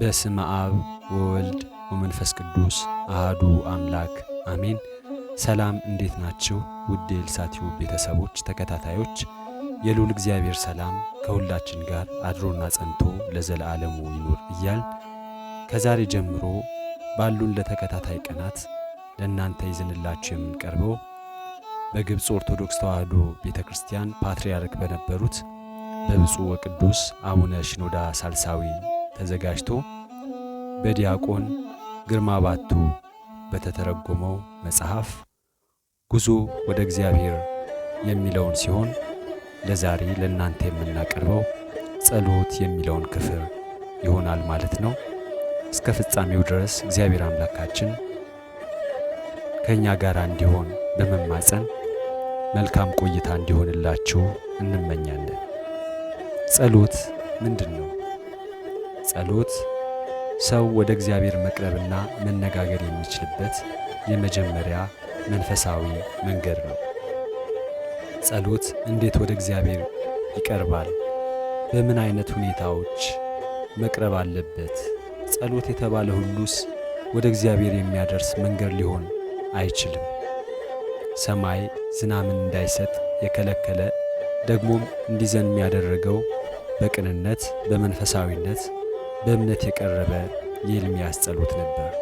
በስመ አብ ወወልድ ወመንፈስ ቅዱስ አህዱ አምላክ አሜን። ሰላም እንዴት ናችሁ? ውድ የልሳቲው ቤተሰቦች ተከታታዮች የሉል እግዚአብሔር ሰላም ከሁላችን ጋር አድሮና ጸንቶ ለዘለዓለሙ ይኖር እያል ከዛሬ ጀምሮ ባሉን ለተከታታይ ቀናት ለእናንተ ይዝንላችሁ የምንቀርበው በግብፅ ኦርቶዶክስ ተዋሕዶ ቤተ ክርስቲያን ፓትርያርክ በነበሩት በብፁዕ ወቅዱስ አቡነ ሽኖዳ ሳልሳዊ ተዘጋጅቶ በዲያቆን ግርማ ባቱ በተተረጎመው መጽሐፍ ጉዞ ወደ እግዚአብሔር የሚለውን ሲሆን ለዛሬ ለእናንተ የምናቀርበው ጸሎት የሚለውን ክፍል ይሆናል ማለት ነው። እስከ ፍጻሜው ድረስ እግዚአብሔር አምላካችን ከእኛ ጋር እንዲሆን በመማፀን መልካም ቆይታ እንዲሆንላችሁ እንመኛለን። ጸሎት ምንድን ነው? ጸሎት ሰው ወደ እግዚአብሔር መቅረብና መነጋገር የሚችልበት የመጀመሪያ መንፈሳዊ መንገድ ነው። ጸሎት እንዴት ወደ እግዚአብሔር ይቀርባል? በምን አይነት ሁኔታዎች መቅረብ አለበት? ጸሎት የተባለ ሁሉስ ወደ እግዚአብሔር የሚያደርስ መንገድ ሊሆን አይችልም። ሰማይ ዝናምን እንዳይሰጥ የከለከለ ደግሞም እንዲዘንም ያደረገው በቅንነት በመንፈሳዊነት በእምነት የቀረበ የኤልሚያስ ጸሎት ነበር።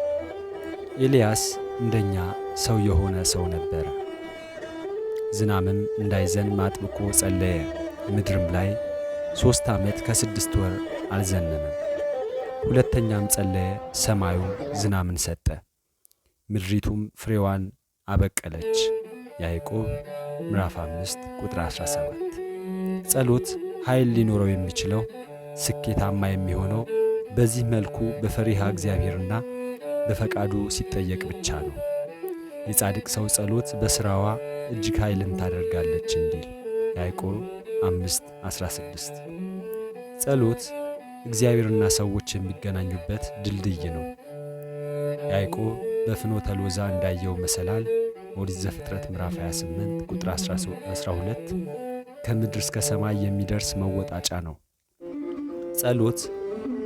ኤልያስ እንደኛ ሰው የሆነ ሰው ነበረ። ዝናምም እንዳይዘን አጥብቆ ጸለየ። ምድርም ላይ ሦስት ዓመት ከስድስት ወር አልዘነምም። ሁለተኛም ጸለየ፣ ሰማዩ ዝናምን ሰጠ፣ ምድሪቱም ፍሬዋን አበቀለች። ያዕቆብ ምዕራፍ 5 ቁጥር 17። ጸሎት ኃይል ሊኖረው የሚችለው ስኬታማ የሚሆነው በዚህ መልኩ በፈሪሃ እግዚአብሔርና በፈቃዱ ሲጠየቅ ብቻ ነው። የጻድቅ ሰው ጸሎት በሥራዋ እጅግ ኃይልን ታደርጋለች እንዲል ያዕቆብ 5:16 ጸሎት እግዚአብሔርና ሰዎች የሚገናኙበት ድልድይ ነው። ያዕቆብ በፍኖተ ሎዛ እንዳየው መሰላል ኦሪት ዘፍጥረት ምዕራፍ 28 ቁጥር 12 ከምድር እስከ ሰማይ የሚደርስ መወጣጫ ነው። ጸሎት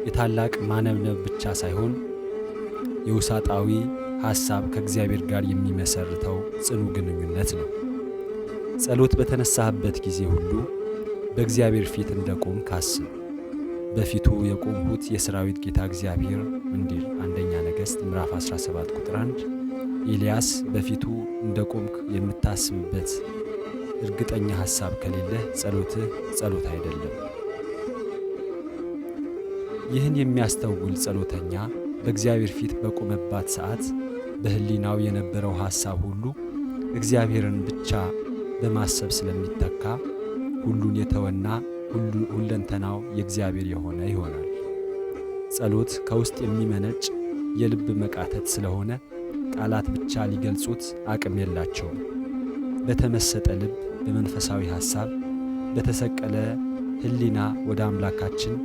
የታላቅ ማነብነብ ብቻ ሳይሆን የውሳጣዊ ሐሳብ ከእግዚአብሔር ጋር የሚመሰርተው ጽኑ ግንኙነት ነው። ጸሎት በተነሳህበት ጊዜ ሁሉ በእግዚአብሔር ፊት እንደ ቆምክ ካስብ በፊቱ የቆምሁት የሰራዊት ጌታ እግዚአብሔር እንዲል አንደኛ ነገሥት ምዕራፍ 17 ቁጥር 1። ኤልያስ በፊቱ እንደ ቆምክ የምታስብበት እርግጠኛ ሐሳብ ከሌለህ ጸሎትህ ጸሎት አይደለም። ይህን የሚያስተውል ጸሎተኛ በእግዚአብሔር ፊት በቆመባት ሰዓት በሕሊናው የነበረው ሐሳብ ሁሉ እግዚአብሔርን ብቻ በማሰብ ስለሚተካ ሁሉን የተወና ሁለንተናው የእግዚአብሔር የሆነ ይሆናል። ጸሎት ከውስጥ የሚመነጭ የልብ መቃተት ስለሆነ ቃላት ብቻ ሊገልጹት አቅም የላቸውም። በተመሰጠ ልብ በመንፈሳዊ ሐሳብ በተሰቀለ ሕሊና ወደ አምላካችን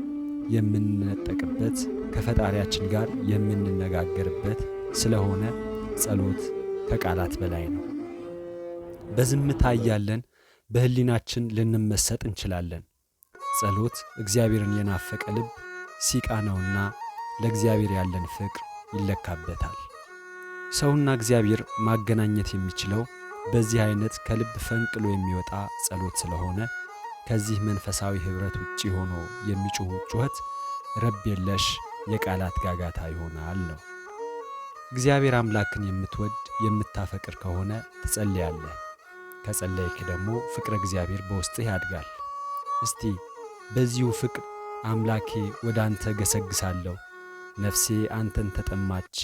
የምንነጠቅበት ከፈጣሪያችን ጋር የምንነጋገርበት ስለሆነ ጸሎት ከቃላት በላይ ነው። በዝምታ እያለን በህሊናችን ልንመሰጥ እንችላለን። ጸሎት እግዚአብሔርን የናፈቀ ልብ ሲቃ ነውና ለእግዚአብሔር ያለን ፍቅር ይለካበታል። ሰውና እግዚአብሔር ማገናኘት የሚችለው በዚህ አይነት ከልብ ፈንቅሎ የሚወጣ ጸሎት ስለሆነ ከዚህ መንፈሳዊ ኅብረት ውጭ ሆኖ የሚጮኹ ጩኸት ረብ የለሽ የቃላት ጋጋታ ይሆናል ነው። እግዚአብሔር አምላክን የምትወድ የምታፈቅር ከሆነ ትጸልያለህ። ከጸለይክ ደግሞ ፍቅረ እግዚአብሔር በውስጥህ ያድጋል። እስቲ በዚሁ ፍቅር አምላኬ ወደ አንተ ገሰግሳለሁ፣ ነፍሴ አንተን ተጠማች።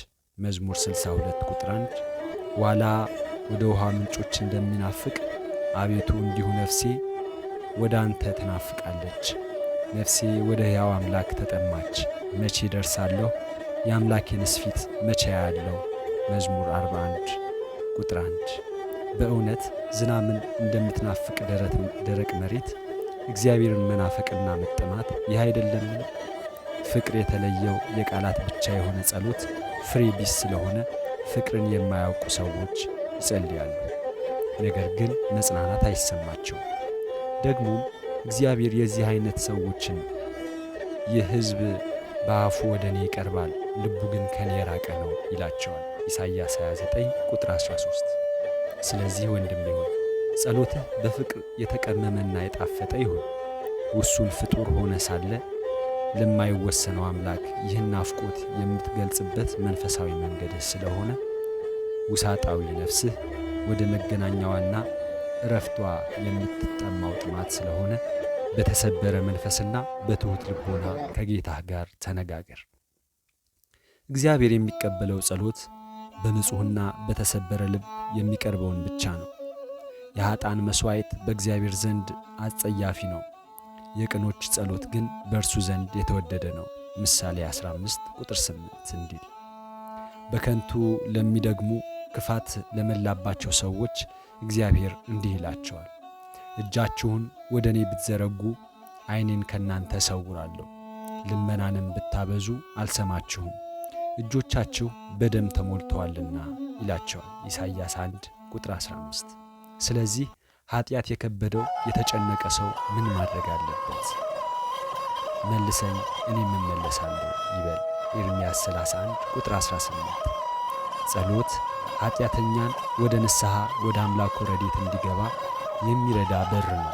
መዝሙር 62 ቁጥር 1 ዋላ ወደ ውሃ ምንጮች እንደሚናፍቅ አቤቱ እንዲሁ ነፍሴ ወደ አንተ ተናፍቃለች። ነፍሴ ወደ ሕያው አምላክ ተጠማች። መቼ ደርሳለሁ? የአምላኬንስ ፊት መቼ ያለው? መዝሙር 41 ቁጥር 1 በእውነት ዝናምን እንደምትናፍቅ ደረቅ መሬት እግዚአብሔርን መናፈቅና መጠማት ይህ አይደለምን? ፍቅር የተለየው የቃላት ብቻ የሆነ ጸሎት ፍሬ ቢስ ስለሆነ ፍቅርን የማያውቁ ሰዎች ይጸልያሉ፣ ነገር ግን መጽናናት አይሰማቸውም። ደግሞም እግዚአብሔር የዚህ አይነት ሰዎችን ይህ ሕዝብ በአፉ ወደ እኔ ይቀርባል፣ ልቡ ግን ከኔ የራቀ ነው ይላቸዋል። ኢሳይያስ 29 ቁጥር 13። ስለዚህ ወንድም ይሆን ጸሎትህ በፍቅር የተቀመመና የጣፈጠ ይሁን። ውሱን ፍጡር ሆነ ሳለ ለማይወሰነው አምላክ ይህን ናፍቆት የምትገልጽበት መንፈሳዊ መንገድህ ስለሆነ ውሳጣዊ ነፍስህ ወደ መገናኛዋና እረፍቷ የምትጠማው ጥማት ስለሆነ በተሰበረ መንፈስና በትሑት ልቦና ከጌታህ ጋር ተነጋገር። እግዚአብሔር የሚቀበለው ጸሎት በንጹሕና በተሰበረ ልብ የሚቀርበውን ብቻ ነው። የኀጣን መሥዋዕት በእግዚአብሔር ዘንድ አጸያፊ ነው። የቅኖች ጸሎት ግን በእርሱ ዘንድ የተወደደ ነው። ምሳሌ 15 ቁጥር 8 እንዲል በከንቱ ለሚደግሙ ክፋት ለመላባቸው ሰዎች እግዚአብሔር እንዲህ ይላቸዋል፣ እጃችሁን ወደ እኔ ብትዘረጉ ዐይኔን ከእናንተ እሰውራለሁ፣ ልመናንም ብታበዙ አልሰማችሁም፣ እጆቻችሁ በደም ተሞልተዋልና ይላቸዋል። ኢሳይያስ 1 ቁጥር 15። ስለዚህ ኃጢአት የከበደው የተጨነቀ ሰው ምን ማድረግ አለበት? መልሰኝ እኔም እመለሳለሁ ይበል። ኤርምያስ 31 ቁጥር 18 ጸሎት ኃጢአተኛን ወደ ንስሐ ወደ አምላኩ ረዴት እንዲገባ የሚረዳ በር ነው።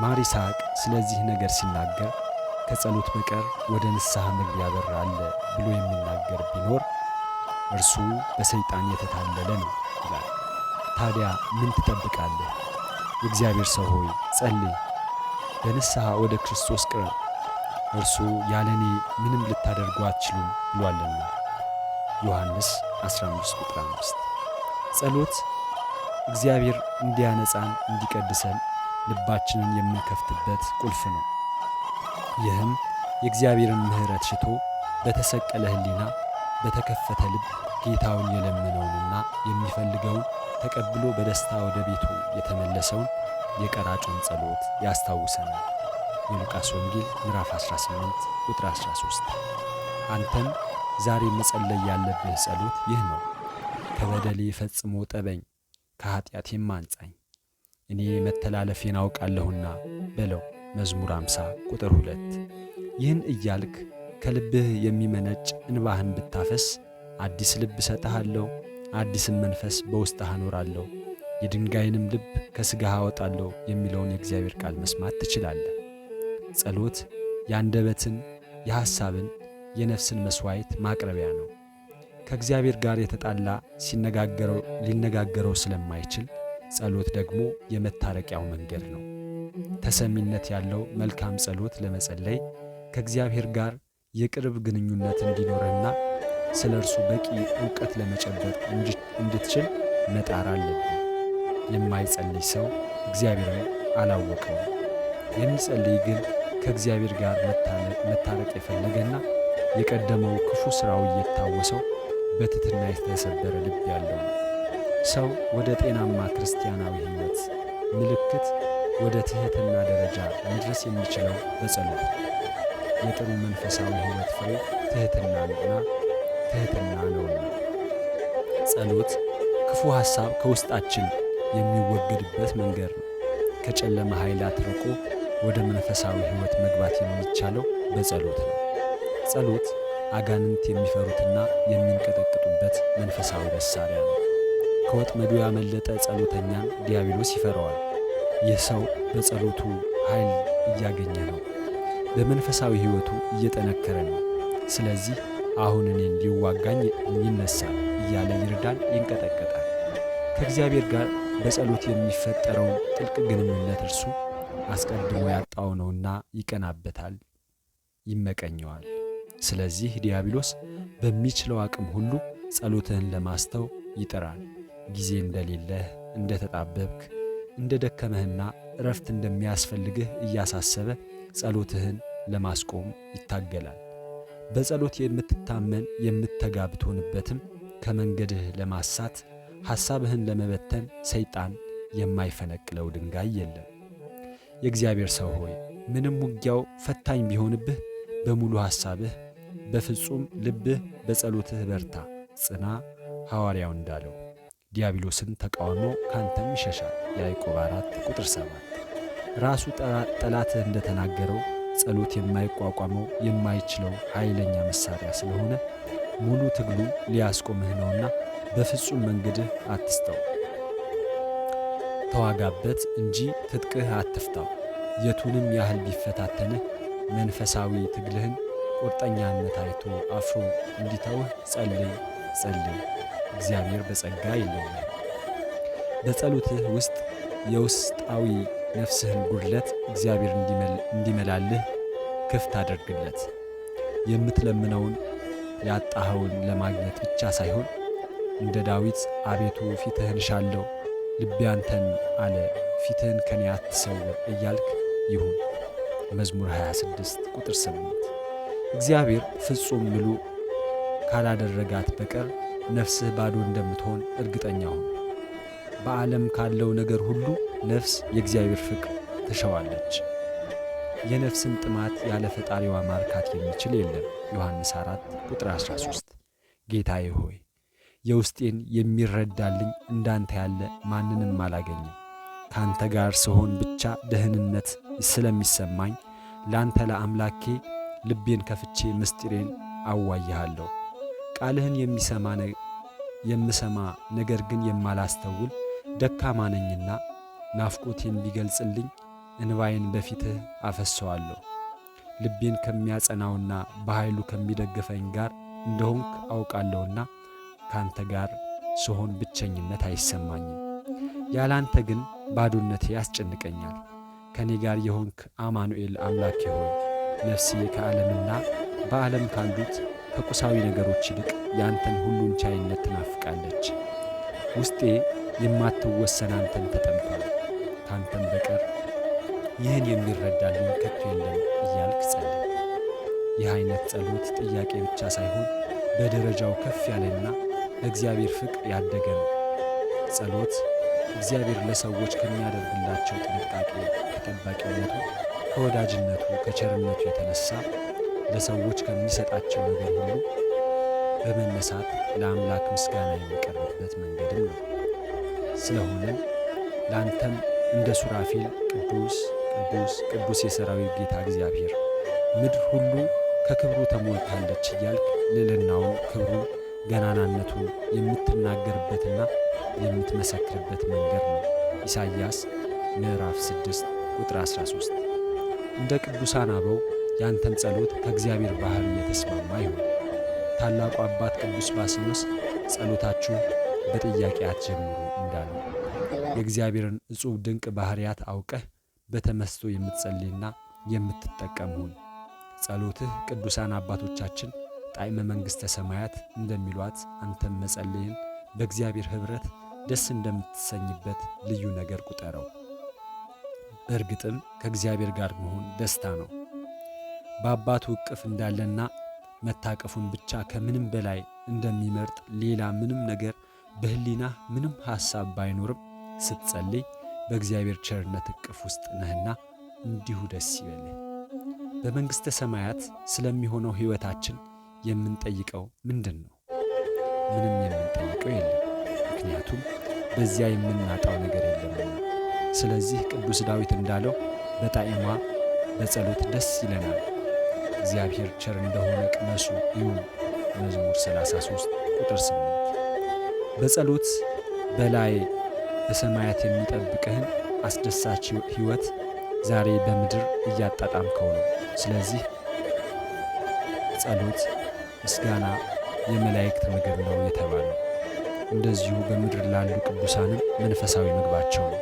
ማር ይስሐቅ ስለዚህ ነገር ሲናገር ከጸሎት በቀር ወደ ንስሐ መግቢያ በር አለ ብሎ የሚናገር ቢኖር እርሱ በሰይጣን የተታለለ ነው ይላል። ታዲያ ምን ትጠብቃለህ? የእግዚአብሔር ሰው ሆይ ጸልይ፣ በንስሐ ወደ ክርስቶስ ቅረብ፣ እርሱ ያለ እኔ ምንም ልታደርጉ አትችሉም ብሏልና ዮሐንስ 15 ቁጥር 5 ጸሎት እግዚአብሔር እንዲያነጻን እንዲቀድሰን ልባችንን የምንከፍትበት ቁልፍ ነው። ይህም የእግዚአብሔርን ምሕረት ሽቶ በተሰቀለ ሕሊና በተከፈተ ልብ ጌታውን የለመነውንና የሚፈልገውን ተቀብሎ በደስታ ወደ ቤቱ የተመለሰውን የቀራጩን ጸሎት ያስታውሰናል። የሉቃስ ወንጌል ምዕራፍ 18 ቁጥር 13 አንተም ዛሬ መጸለይ ያለብህ ጸሎት ይህ ነው። ከበደሌ ፈጽሞ ጠበኝ፣ ከኀጢአቴም አንጻኝ፣ እኔ መተላለፌን አውቃለሁና በለው። መዝሙር አምሳ ቁጥር 2። ይህን እያልክ ከልብህ የሚመነጭ እንባህን ብታፈስ አዲስ ልብ እሰጥሃለሁ፣ አዲስን መንፈስ በውስጥህ አኖራለሁ፣ የድንጋይንም ልብ ከሥጋህ አወጣለሁ የሚለውን የእግዚአብሔር ቃል መስማት ትችላለህ። ጸሎት የአንደበትን የሐሳብን የነፍስን መሥዋዕት ማቅረቢያ ነው። ከእግዚአብሔር ጋር የተጣላ ሊነጋገረው ስለማይችል ጸሎት ደግሞ የመታረቂያው መንገድ ነው። ተሰሚነት ያለው መልካም ጸሎት ለመጸለይ ከእግዚአብሔር ጋር የቅርብ ግንኙነት እንዲኖረና ስለ እርሱ በቂ እውቀት ለመጨበጥ እንድትችል መጣር አለብን። የማይጸልይ ሰው እግዚአብሔርን አላወቀውም። የሚጸልይ ግን ከእግዚአብሔር ጋር መታረቅ የፈለገና የቀደመው ክፉ ሥራው እየታወሰው በትትና የተሰበረ ልብ ያለው ሰው ወደ ጤናማ ክርስቲያናዊ ሕይወት ምልክት ወደ ትሕትና ደረጃ መድረስ የሚችለው በጸሎት የጥሩ መንፈሳዊ ሕይወት ፍሬ ነውና ትሕትና ነውና ጸሎት ክፉ ሐሳብ ከውስጣችን የሚወገድበት መንገድ ነው። ከጨለማ ኃይላት ርቆ ወደ መንፈሳዊ ሕይወት መግባት የሚቻለው በጸሎት ነው። ጸሎት አጋንንት የሚፈሩትና የሚንቀጠቅጡበት መንፈሳዊ መሳሪያ ነው። ከወጥመዱ ያመለጠ ጸሎተኛን ዲያብሎስ ይፈራዋል። ይህ ሰው በጸሎቱ ኃይል እያገኘ ነው፣ በመንፈሳዊ ሕይወቱ እየጠነከረ ነው። ስለዚህ አሁን እኔን ሊዋጋኝ ይነሳል እያለ ይርዳል፣ ይንቀጠቀጣል። ከእግዚአብሔር ጋር በጸሎት የሚፈጠረውን ጥልቅ ግንኙነት እርሱ አስቀድሞ ያጣው ነውና ይቀናበታል፣ ይመቀኘዋል። ስለዚህ ዲያብሎስ በሚችለው አቅም ሁሉ ጸሎትህን ለማስተው ይጥራል። ጊዜ እንደሌለህ፣ እንደ ተጣበብክ፣ እንደ ደከመህና እረፍት እንደሚያስፈልግህ እያሳሰበ ጸሎትህን ለማስቆም ይታገላል። በጸሎት የምትታመን የምትተጋ ብትሆንበትም ከመንገድህ ለማሳት ሐሳብህን ለመበተን ሰይጣን የማይፈነቅለው ድንጋይ የለም። የእግዚአብሔር ሰው ሆይ ምንም ውጊያው ፈታኝ ቢሆንብህ በሙሉ ሐሳብህ በፍጹም ልብህ በጸሎትህ በርታ ጽና፣ ሐዋርያው እንዳለው ዲያብሎስን ተቃውሞ ካንተም ይሸሻል። ያዕቆብ አራት ቁጥር ሰባት ራሱ ጠላትህ እንደተናገረው ጸሎት የማይቋቋመው የማይችለው ኃይለኛ መሳሪያ ስለሆነ ሙሉ ትግሉ ሊያስቆምህ ነውና በፍጹም መንገድህ አትስተው፣ ተዋጋበት እንጂ ትጥቅህ አትፍታው። የቱንም ያህል ቢፈታተንህ መንፈሳዊ ትግልህን ቁርጠኛነት አይቶ አፍሮ እንዲተውህ ጸልይ ጸልይ። እግዚአብሔር በጸጋ ይለያል። በጸሎትህ ውስጥ የውስጣዊ ነፍስህን ጉድለት እግዚአብሔር እንዲመላልህ ክፍት አድርግለት። የምትለምነውን ያጣኸውን ለማግኘት ብቻ ሳይሆን እንደ ዳዊት አቤቱ ፊትህን ሻለው ልቤ አንተን አለ ፊትህን ከኔ አትሰውር እያልክ ይሁን። መዝሙር 26 ቁጥር 8 እግዚአብሔር ፍጹም ምሉ ካላደረጋት በቀር ነፍስህ ባዶ እንደምትሆን እርግጠኛ ሁን። በዓለም ካለው ነገር ሁሉ ነፍስ የእግዚአብሔር ፍቅር ትሸዋለች። የነፍስን ጥማት ያለ ፈጣሪዋ ማርካት የሚችል የለም። ዮሐንስ 4 ቁጥር 13። ጌታዬ ሆይ የውስጤን የሚረዳልኝ እንዳንተ ያለ ማንንም አላገኘም። ካንተ ጋር ስሆን ብቻ ደህንነት ስለሚሰማኝ ላንተ ለአምላኬ ልቤን ከፍቼ ምስጢሬን አዋይሃለሁ። ቃልህን የሚሰማ የምሰማ ነገር ግን የማላስተውል ደካማ ነኝና ናፍቆቴን ቢገልጽልኝ እንባዬን በፊትህ አፈሰዋለሁ። ልቤን ከሚያጸናውና በኃይሉ ከሚደግፈኝ ጋር እንደሆንክ አውቃለሁና ካንተ ጋር ስሆን ብቸኝነት አይሰማኝም። ያላንተ ግን ባዶነቴ ያስጨንቀኛል። ከእኔ ጋር የሆንክ አማኑኤል አምላኬ ሆይ ነፍሴ ከዓለምና በዓለም ካሉት ከቁሳዊ ነገሮች ይልቅ ያንተን ሁሉን ቻይነት ትናፍቃለች። ውስጤ የማትወሰን አንተን ተጠምቷል፣ ካንተን በቀር ይህን የሚረዳልኝ ከቶ የለም እያልክ ጸል ይህ አይነት ጸሎት ጥያቄ ብቻ ሳይሆን በደረጃው ከፍ ያለና በእግዚአብሔር ፍቅር ያደገ ነው። ጸሎት እግዚአብሔር ለሰዎች ከሚያደርግላቸው ጥንቃቄ ተጠባቂነቱ ከወዳጅነቱ ከቸርነቱ የተነሳ ለሰዎች ከሚሰጣቸው ነገር ሁሉ በመነሳት ለአምላክ ምስጋና የሚቀርብበት መንገድም ነው። ስለሆነም ለአንተም እንደ ሱራፊል ቅዱስ ቅዱስ ቅዱስ የሰራዊት ጌታ እግዚአብሔር ምድር ሁሉ ከክብሩ ተሞልታለች እያልክ ልዕልናውን፣ ክብሩን፣ ገናናነቱን የምትናገርበትና የምትመሰክርበት መንገድ ነው። ኢሳይያስ ምዕራፍ 6 ቁጥር 13 እንደ ቅዱሳን አበው ያንተን ጸሎት ከእግዚአብሔር ባህል የተስማማ ይሁን። ታላቁ አባት ቅዱስ ባስልዮስ ጸሎታችሁ በጥያቄ አትጀምሩ እንዳሉ የእግዚአብሔርን እጹብ ድንቅ ባሕርያት አውቀህ በተመስቶ የምትጸልይና የምትጠቀም ሁን። ጸሎትህ ቅዱሳን አባቶቻችን ጣዕመ መንግሥተ ሰማያት እንደሚሏት አንተም መጸልይን በእግዚአብሔር ኅብረት ደስ እንደምትሰኝበት ልዩ ነገር ቁጠረው። በእርግጥም ከእግዚአብሔር ጋር መሆን ደስታ ነው። በአባቱ እቅፍ እንዳለና መታቀፉን ብቻ ከምንም በላይ እንደሚመርጥ ሌላ ምንም ነገር በህሊና ምንም ሐሳብ ባይኖርም ስትጸልይ በእግዚአብሔር ቸርነት እቅፍ ውስጥ ነህና እንዲሁ ደስ ይበልህ። በመንግሥተ ሰማያት ስለሚሆነው ሕይወታችን የምንጠይቀው ምንድን ነው? ምንም የምንጠይቀው የለም። ምክንያቱም በዚያ የምናጣው ነገር የለም። ስለዚህ ቅዱስ ዳዊት እንዳለው በጣዕማ በጸሎት ደስ ይለናል፣ እግዚአብሔር ቸር እንደሆነ ቅመሱ እዩ። መዝሙር 33 ቁጥር 8። በጸሎት በላይ በሰማያት የሚጠብቅህን አስደሳች ሕይወት ዛሬ በምድር እያጣጣምከው ነው። ስለዚህ ጸሎት፣ ምስጋና የመላእክት ምግብ ነው የተባለው እንደዚሁ በምድር ላሉ ቅዱሳንም መንፈሳዊ ምግባቸው ነው።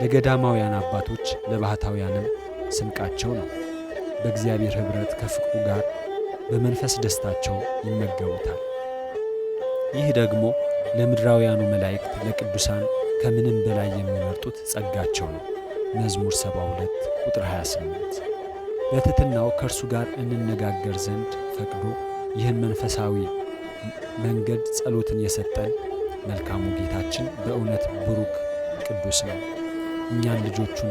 ለገዳማውያን አባቶች ለባህታውያንም ስንቃቸው ነው። በእግዚአብሔር ኅብረት ከፍቅሩ ጋር በመንፈስ ደስታቸው ይመገቡታል። ይህ ደግሞ ለምድራውያኑ መላእክት ለቅዱሳን ከምንም በላይ የሚመርጡት ጸጋቸው ነው። መዝሙር 72 ቁጥር 28 በትሕትናው ከእርሱ ጋር እንነጋገር ዘንድ ፈቅዶ ይህን መንፈሳዊ መንገድ ጸሎትን የሰጠን መልካሙ ጌታችን በእውነት ብሩክ ቅዱስ ነው። እኛን ልጆቹን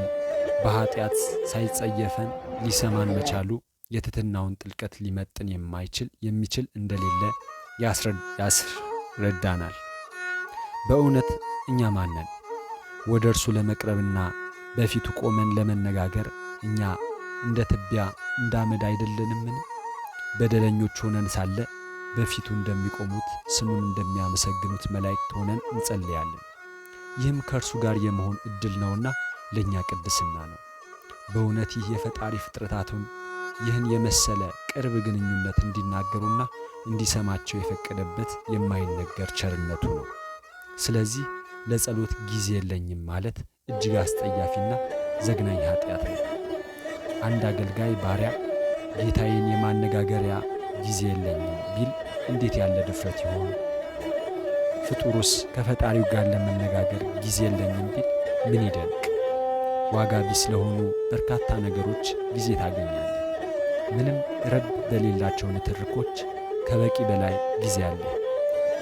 በኃጢአት ሳይጸየፈን ሊሰማን መቻሉ የትትናውን ጥልቀት ሊመጥን የማይችል የሚችል እንደሌለ ያስረዳናል። በእውነት እኛ ማነን? ወደ እርሱ ለመቅረብና በፊቱ ቆመን ለመነጋገር እኛ እንደ ትቢያ እንዳመድ አይደለንምን? በደለኞች ሆነን ሳለ በፊቱ እንደሚቆሙት ስሙን እንደሚያመሰግኑት መላእክት ሆነን እንጸልያለን። ይህም ከእርሱ ጋር የመሆን ዕድል ነውና ለእኛ ቅድስና ነው። በእውነት ይህ የፈጣሪ ፍጥረታቱን ይህን የመሰለ ቅርብ ግንኙነት እንዲናገሩና እንዲሰማቸው የፈቀደበት የማይነገር ቸርነቱ ነው። ስለዚህ ለጸሎት ጊዜ የለኝም ማለት እጅግ አስጠያፊና ዘግናኝ ኃጢአት ነው። አንድ አገልጋይ ባሪያ ጌታዬን የማነጋገሪያ ጊዜ የለኝም ቢል እንዴት ያለ ድፍረት ይሆን? ፍጡሩስ ከፈጣሪው ጋር ለመነጋገር ጊዜ የለንም ቢል ምን ይደንቅ! ዋጋ ቢስ ለሆኑ በርካታ ነገሮች ጊዜ ታገኛለ። ምንም ረብ በሌላቸው ንትርኮች ከበቂ በላይ ጊዜ አለ።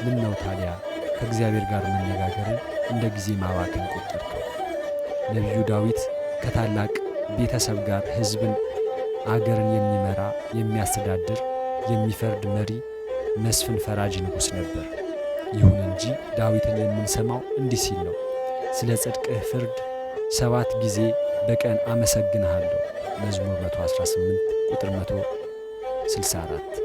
ምን ነው ታዲያ ከእግዚአብሔር ጋር መነጋገርን እንደ ጊዜ ማባከን ቆጠርከው? ነቢዩ ዳዊት ከታላቅ ቤተሰብ ጋር ሕዝብን አገርን የሚመራ የሚያስተዳድር የሚፈርድ መሪ መስፍን ፈራጅ ንጉሥ ነበር። ይሁን እንጂ ዳዊትን የምንሰማው እንዲህ ሲል ነው፣ ስለ ጽድቅህ ፍርድ ሰባት ጊዜ በቀን አመሰግንሃለሁ። መዝሙር 118 ቁጥር 164።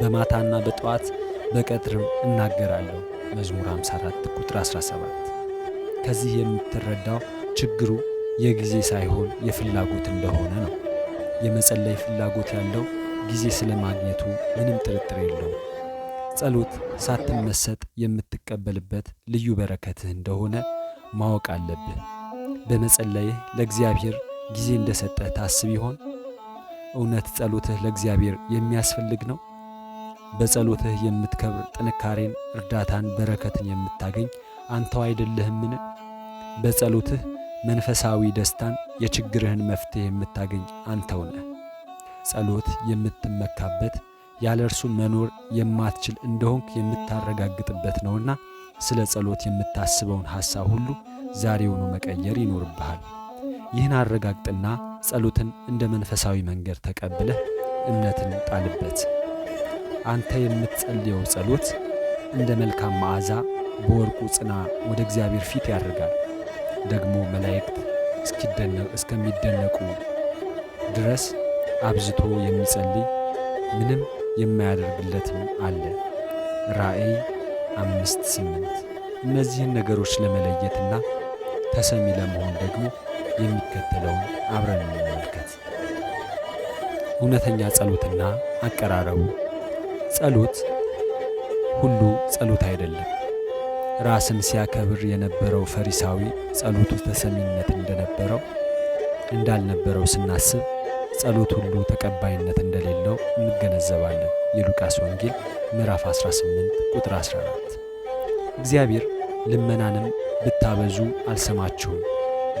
በማታና በጠዋት በቀትርም እናገራለሁ። መዝሙር 54 ቁጥር 17። ከዚህ የምትረዳው ችግሩ የጊዜ ሳይሆን የፍላጎት እንደሆነ ነው። የመጸለይ ፍላጎት ያለው ጊዜ ስለማግኘቱ ምንም ጥርጥር የለውም። ጸሎት ሳትመሰጥ የምትቀበልበት ልዩ በረከትህ እንደሆነ ማወቅ አለብህ። በመጸለይህ ለእግዚአብሔር ጊዜ እንደሰጠህ ታስብ ይሆን? እውነት ጸሎትህ ለእግዚአብሔር የሚያስፈልግ ነው? በጸሎትህ የምትከብር ጥንካሬን፣ እርዳታን፣ በረከትን የምታገኝ አንተው አይደለህምን? በጸሎትህ መንፈሳዊ ደስታን፣ የችግርህን መፍትሄ የምታገኝ አንተው ነህ። ጸሎት የምትመካበት ያለ እርሱ መኖር የማትችል እንደሆንክ የምታረጋግጥበት ነውና ስለ ጸሎት የምታስበውን ሐሳብ ሁሉ ዛሬውኑ መቀየር ይኖርብሃል። ይህን አረጋግጥና ጸሎትን እንደ መንፈሳዊ መንገድ ተቀብለህ እምነትን ጣልበት። አንተ የምትጸልየው ጸሎት እንደ መልካም መዓዛ በወርቁ ጽና ወደ እግዚአብሔር ፊት ያደርጋል። ደግሞ መላእክት እስከሚደነቁ ድረስ አብዝቶ የሚጸልይ ምንም የማያደርግለትም አለ። ራእይ አምስት ስምንት እነዚህን ነገሮች ለመለየትና ተሰሚ ለመሆን ደግሞ የሚከተለውን አብረን እንመልከት። እውነተኛ ጸሎትና አቀራረቡ። ጸሎት ሁሉ ጸሎት አይደለም። ራስን ሲያከብር የነበረው ፈሪሳዊ ጸሎቱ ተሰሚነት እንደነበረው እንዳልነበረው ስናስብ ጸሎት ሁሉ ተቀባይነት እንደሌለው እንገነዘባለን። የሉቃስ ወንጌል ምዕራፍ 18 ቁጥር 14። እግዚአብሔር ልመናንም ብታበዙ አልሰማችሁም፣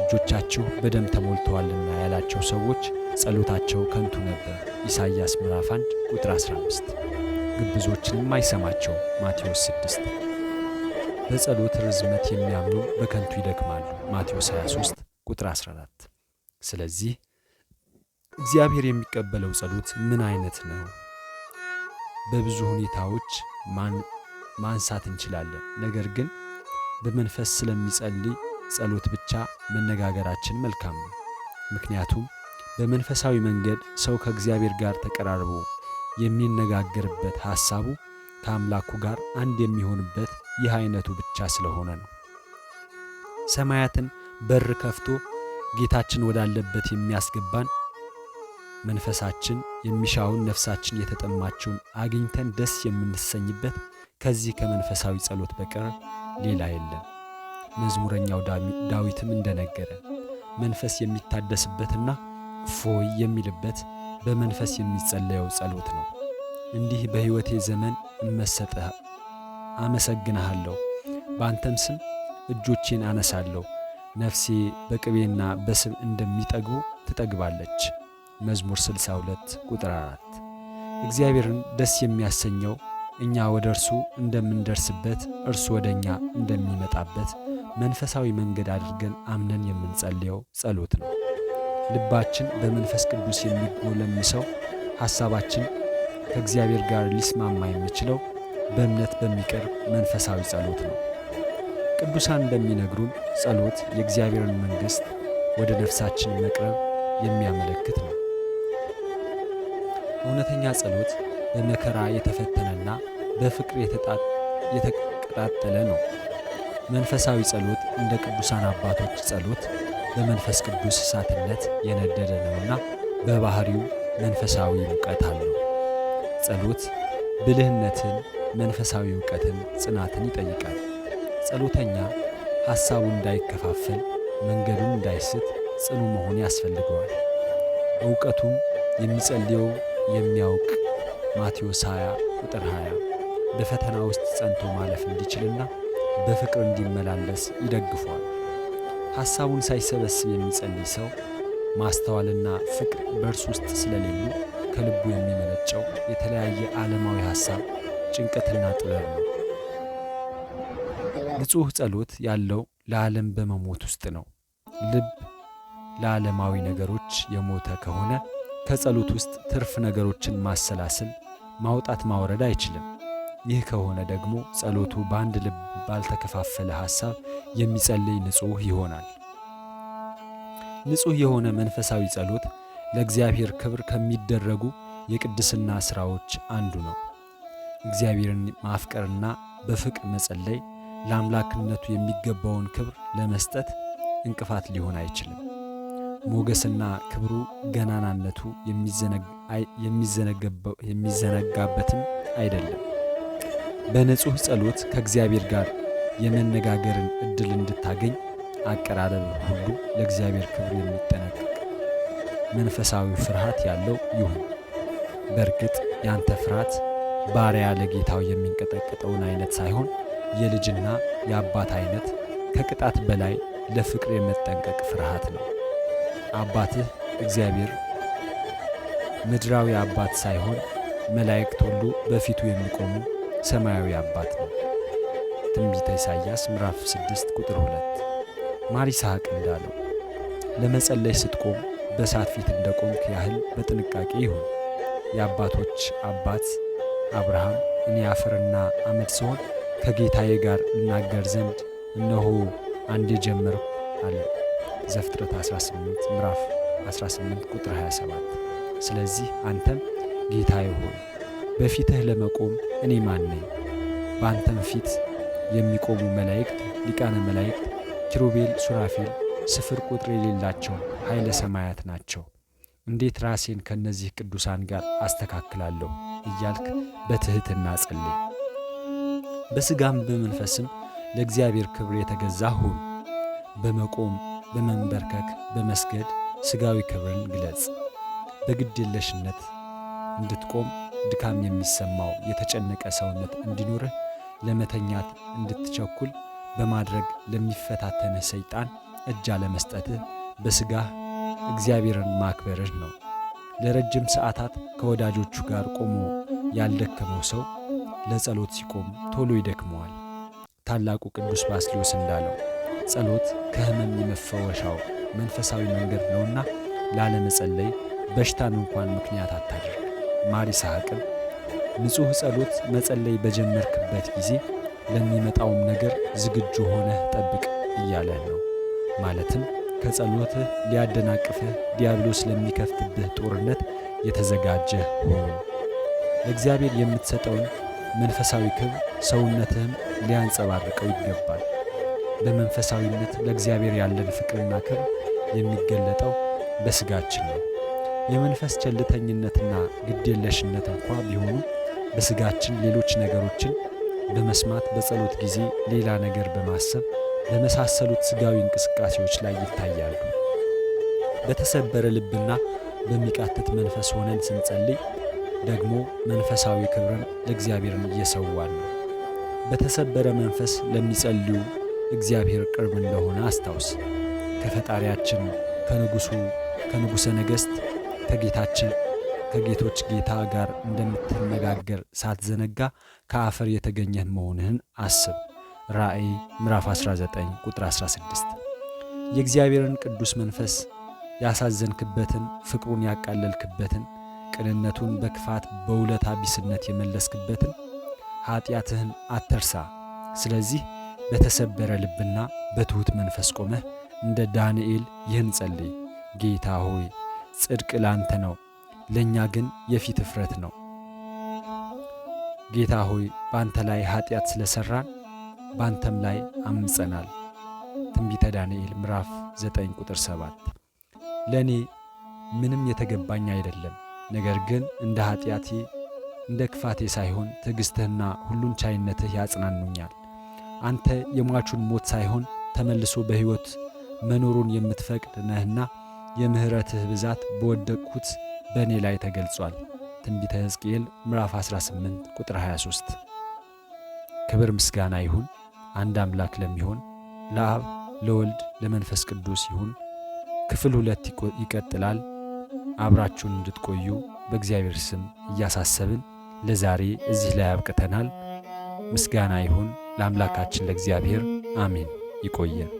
እጆቻችሁ በደም ተሞልተዋልና ያላቸው ሰዎች ጸሎታቸው ከንቱ ነበር። ኢሳይያስ ምዕራፍ 1 ቁጥር 15። ግብዞችንም አይሰማቸው። ማቴዎስ 6። በጸሎት ርዝመት የሚያምኑ በከንቱ ይደክማሉ። ማቴዎስ 23 ቁጥር 14። ስለዚህ እግዚአብሔር የሚቀበለው ጸሎት ምን አይነት ነው? በብዙ ሁኔታዎች ማንሳት እንችላለን። ነገር ግን በመንፈስ ስለሚጸልይ ጸሎት ብቻ መነጋገራችን መልካም ነው። ምክንያቱም በመንፈሳዊ መንገድ ሰው ከእግዚአብሔር ጋር ተቀራርቦ የሚነጋገርበት ሐሳቡ ከአምላኩ ጋር አንድ የሚሆንበት ይህ አይነቱ ብቻ ስለሆነ ነው። ሰማያትን በር ከፍቶ ጌታችን ወዳለበት የሚያስገባን መንፈሳችን የሚሻውን ነፍሳችን የተጠማችውን አግኝተን ደስ የምንሰኝበት ከዚህ ከመንፈሳዊ ጸሎት በቀር ሌላ የለም። መዝሙረኛው ዳዊትም እንደነገረ መንፈስ የሚታደስበትና ፎይ የሚልበት በመንፈስ የሚጸለየው ጸሎት ነው። እንዲህ በሕይወቴ ዘመን እመሰጠ አመሰግንሃለሁ፣ በአንተም ስም እጆቼን አነሳለሁ። ነፍሴ በቅቤና በስብ እንደሚጠግቡ ትጠግባለች። መዝሙር 62 ቁጥር 4 እግዚአብሔርን ደስ የሚያሰኘው እኛ ወደ እርሱ እንደምንደርስበት እርሱ ወደ እኛ እንደሚመጣበት መንፈሳዊ መንገድ አድርገን አምነን የምንጸልየው ጸሎት ነው። ልባችን በመንፈስ ቅዱስ የሚጎለምሰው ሐሳባችን ከእግዚአብሔር ጋር ሊስማማ የሚችለው በእምነት በሚቀርብ መንፈሳዊ ጸሎት ነው። ቅዱሳን እንደሚነግሩን ጸሎት የእግዚአብሔርን መንግሥት ወደ ነፍሳችን መቅረብ የሚያመለክት ነው። እውነተኛ ጸሎት በመከራ የተፈተነና በፍቅር የተቀጣጠለ ነው። መንፈሳዊ ጸሎት እንደ ቅዱሳን አባቶች ጸሎት በመንፈስ ቅዱስ እሳትነት የነደደ ነውና በባህሪው መንፈሳዊ እውቀት አለው። ጸሎት ብልህነትን፣ መንፈሳዊ እውቀትን፣ ጽናትን ይጠይቃል። ጸሎተኛ ሐሳቡ እንዳይከፋፈል፣ መንገዱን እንዳይስት ጽኑ መሆን ያስፈልገዋል። እውቀቱም የሚጸልየው የሚያውቅ ማቴዎስ 20 ቁጥር 20 በፈተና ውስጥ ጸንቶ ማለፍ እንዲችልና በፍቅር እንዲመላለስ ይደግፏል። ሐሳቡን ሳይሰበስብ የሚጸልይ ሰው ማስተዋልና ፍቅር በእርሱ ውስጥ ስለሌሉ ከልቡ የሚመነጨው የተለያየ ዓለማዊ ሐሳብ ጭንቀትና ጥበብ ነው። ንጹሕ ጸሎት ያለው ለዓለም በመሞት ውስጥ ነው። ልብ ለዓለማዊ ነገሮች የሞተ ከሆነ ከጸሎት ውስጥ ትርፍ ነገሮችን ማሰላሰል ማውጣት ማውረድ አይችልም። ይህ ከሆነ ደግሞ ጸሎቱ በአንድ ልብ ባልተከፋፈለ ሐሳብ የሚጸልይ ንጹሕ ይሆናል። ንጹሕ የሆነ መንፈሳዊ ጸሎት ለእግዚአብሔር ክብር ከሚደረጉ የቅድስና ሥራዎች አንዱ ነው። እግዚአብሔርን ማፍቀርና በፍቅር መጸለይ ለአምላክነቱ የሚገባውን ክብር ለመስጠት እንቅፋት ሊሆን አይችልም። ሞገስና ክብሩ ገናናነቱ የሚዘነጋበትም አይደለም። በንጹሕ ጸሎት ከእግዚአብሔር ጋር የመነጋገርን እድል እንድታገኝ አቀራረብ ሁሉ ለእግዚአብሔር ክብር የሚጠነቀቅ መንፈሳዊ ፍርሃት ያለው ይሁን። በእርግጥ ያንተ ፍርሃት ባሪያ ለጌታው የሚንቀጠቀጠውን አይነት ሳይሆን የልጅና የአባት አይነት ከቅጣት በላይ ለፍቅር የመጠንቀቅ ፍርሃት ነው። አባትህ እግዚአብሔር ምድራዊ አባት ሳይሆን መላእክት ሁሉ በፊቱ የሚቆሙ ሰማያዊ አባት ነው። ትንቢተ ኢሳይያስ ምዕራፍ 6 ቁጥር 2። ማር ይስሐቅ እንዳለው ለመጸለይ ስትቆም በእሳት ፊት እንደቆም ያህል በጥንቃቄ ይሁን። የአባቶች አባት አብርሃም እኔ አፈርና አመድ ስሆን ከጌታዬ ጋር እናገር ዘንድ እነሆ አንድ ጀመርኩ አለ። ዘፍጥረት 18 ምዕራፍ 18 ቁጥር 27። ስለዚህ አንተም ጌታዬ ሆይ በፊትህ ለመቆም እኔ ማን ነኝ? በአንተም ፊት የሚቆሙ መላእክት፣ ሊቃነ መላእክት፣ ኪሩቤል፣ ሱራፌል ስፍር ቁጥር የሌላቸው ኃይለ ሰማያት ናቸው። እንዴት ራሴን ከእነዚህ ቅዱሳን ጋር አስተካክላለሁ? እያልክ በትሕትና ጸልይ። በሥጋም በመንፈስም ለእግዚአብሔር ክብር የተገዛ ሁን። በመቆም በመንበርከክ በመስገድ ሥጋዊ ክብርን ግለጽ። በግድየለሽነት እንድትቆም ድካም የሚሰማው የተጨነቀ ሰውነት እንዲኖርህ ለመተኛት እንድትቸኩል በማድረግ ለሚፈታተነ ሰይጣን እጅ አለመስጠትህ በሥጋህ እግዚአብሔርን ማክበርህ ነው። ለረጅም ሰዓታት ከወዳጆቹ ጋር ቆሞ ያልደከመው ሰው ለጸሎት ሲቆም ቶሎ ይደክመዋል። ታላቁ ቅዱስ ባስልዮስ እንዳለው ጸሎት ከህመም የመፈወሻው መንፈሳዊ መንገድ ነውና ላለመጸለይ በሽታን እንኳን ምክንያት አታድርግ። ማር ይስሐቅም ንጹሕ ጸሎት መጸለይ በጀመርክበት ጊዜ ለሚመጣውም ነገር ዝግጁ ሆነህ ጠብቅ እያለህ ነው። ማለትም ከጸሎትህ ሊያደናቅፍህ ዲያብሎስ ለሚከፍትብህ ጦርነት የተዘጋጀህ ሆን። ለእግዚአብሔር የምትሰጠውን መንፈሳዊ ክብር ሰውነትህም ሊያንጸባርቀው ይገባል። በመንፈሳዊነት ለእግዚአብሔር ያለን ፍቅርና ክብር የሚገለጠው በስጋችን ነው። የመንፈስ ቸልተኝነትና ግዴለሽነት እንኳ ቢሆኑ በስጋችን ሌሎች ነገሮችን በመስማት በጸሎት ጊዜ ሌላ ነገር በማሰብ በመሳሰሉት ስጋዊ እንቅስቃሴዎች ላይ ይታያሉ። በተሰበረ ልብና በሚቃትት መንፈስ ሆነን ስንጸልይ ደግሞ መንፈሳዊ ክብርን ለእግዚአብሔርን እየሰዋን ነው። በተሰበረ መንፈስ ለሚጸልዩ እግዚአብሔር ቅርብ እንደሆነ አስታውስ። ከፈጣሪያችን ከንጉሱ ከንጉሠ ነገሥት ከጌታችን ከጌቶች ጌታ ጋር እንደምትነጋገር ሳትዘነጋ ከአፈር የተገኘህ መሆንህን አስብ። ራእይ ምዕራፍ 19 ቁጥር 16 የእግዚአብሔርን ቅዱስ መንፈስ ያሳዘንክበትን ፍቅሩን ያቃለልክበትን ቅንነቱን በክፋት በውለታ ቢስነት የመለስክበትን ኀጢአትህን አትርሳ። ስለዚህ በተሰበረ ልብና በትሑት መንፈስ ቆመህ እንደ ዳንኤል ይህን ጸልይ። ጌታ ሆይ ጽድቅ ላንተ ነው፣ ለእኛ ግን የፊት እፍረት ነው። ጌታ ሆይ በአንተ ላይ ኀጢአት ስለሠራን በአንተም ላይ አምጸናል። ትንቢተ ዳንኤል ምዕራፍ 9 ቁጥር 7 ለእኔ ምንም የተገባኝ አይደለም፣ ነገር ግን እንደ ኀጢአቴ እንደ ክፋቴ ሳይሆን ትዕግሥትህና ሁሉን ቻይነትህ ያጽናኑኛል። አንተ የሟቹን ሞት ሳይሆን ተመልሶ በሕይወት መኖሩን የምትፈቅድ ነህና የምሕረትህ ብዛት በወደቅሁት በእኔ ላይ ተገልጿል። ትንቢተ ሕዝቅኤል ምዕራፍ 18 ቁጥር 23። ክብር ምስጋና ይሁን አንድ አምላክ ለሚሆን ለአብ ለወልድ ለመንፈስ ቅዱስ ይሁን። ክፍል ሁለት ይቀጥላል። አብራችሁን እንድትቆዩ በእግዚአብሔር ስም እያሳሰብን ለዛሬ እዚህ ላይ አብቅተናል። ምስጋና ይሁን ለአምላካችን ለእግዚአብሔር አሜን። ይቆየን።